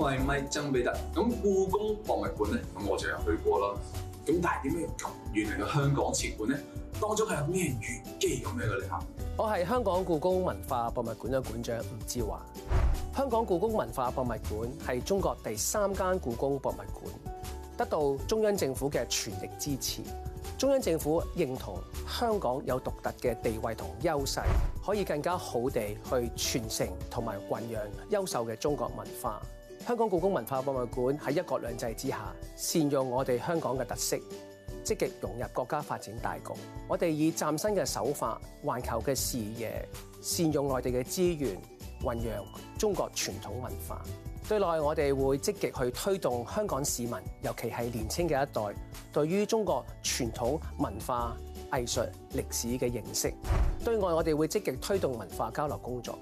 外咪曾比特咁，故宮博物館咧，我就有去過啦。咁但係點樣咁遠嚟香港設館咧？當中係有咩玄機，有咩嘅？你下我係香港故宮文化博物館嘅館長吳志華。香港故宮文化博物館係中國第三間故宮博物館，得到中央政府嘅全力支持。中央政府認同香港有獨特嘅地位同優勢，可以更加好地去傳承同埋弘揚優秀嘅中國文化。香港故宮文化博物館喺一國兩制之下，善用我哋香港嘅特色，積極融入國家發展大局。我哋以嶄新嘅手法、環球嘅視野，善用內地嘅資源，弘揚中國傳統文化。對內我哋會積極去推動香港市民，尤其係年輕嘅一代，對於中國傳統文化藝術歷史嘅認識，對外我哋會積極推動文化交流工作，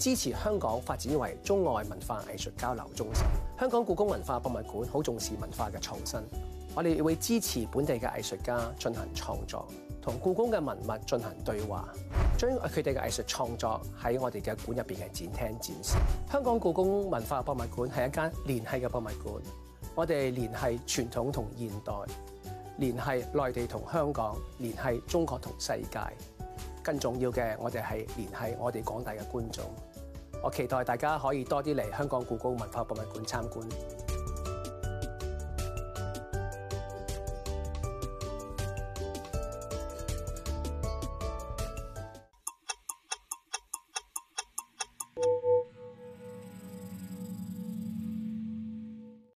支持香港發展為中外文化藝術交流中心。香港故宮文化博物館好重視文化嘅創新，我哋會支持本地嘅藝術家進行創作，同故宮嘅文物進行對話，將佢哋嘅藝術創作喺我哋嘅館入面嘅展廳展示。香港故宮文化博物館係一間聯繫嘅博物館，我哋聯繫傳統同現代，聯繫內地同香港，聯繫中國同世界。更重要嘅，我哋係聯繫我哋廣大嘅觀眾。我期待大家可以多啲嚟香港故宮文化博物館參觀。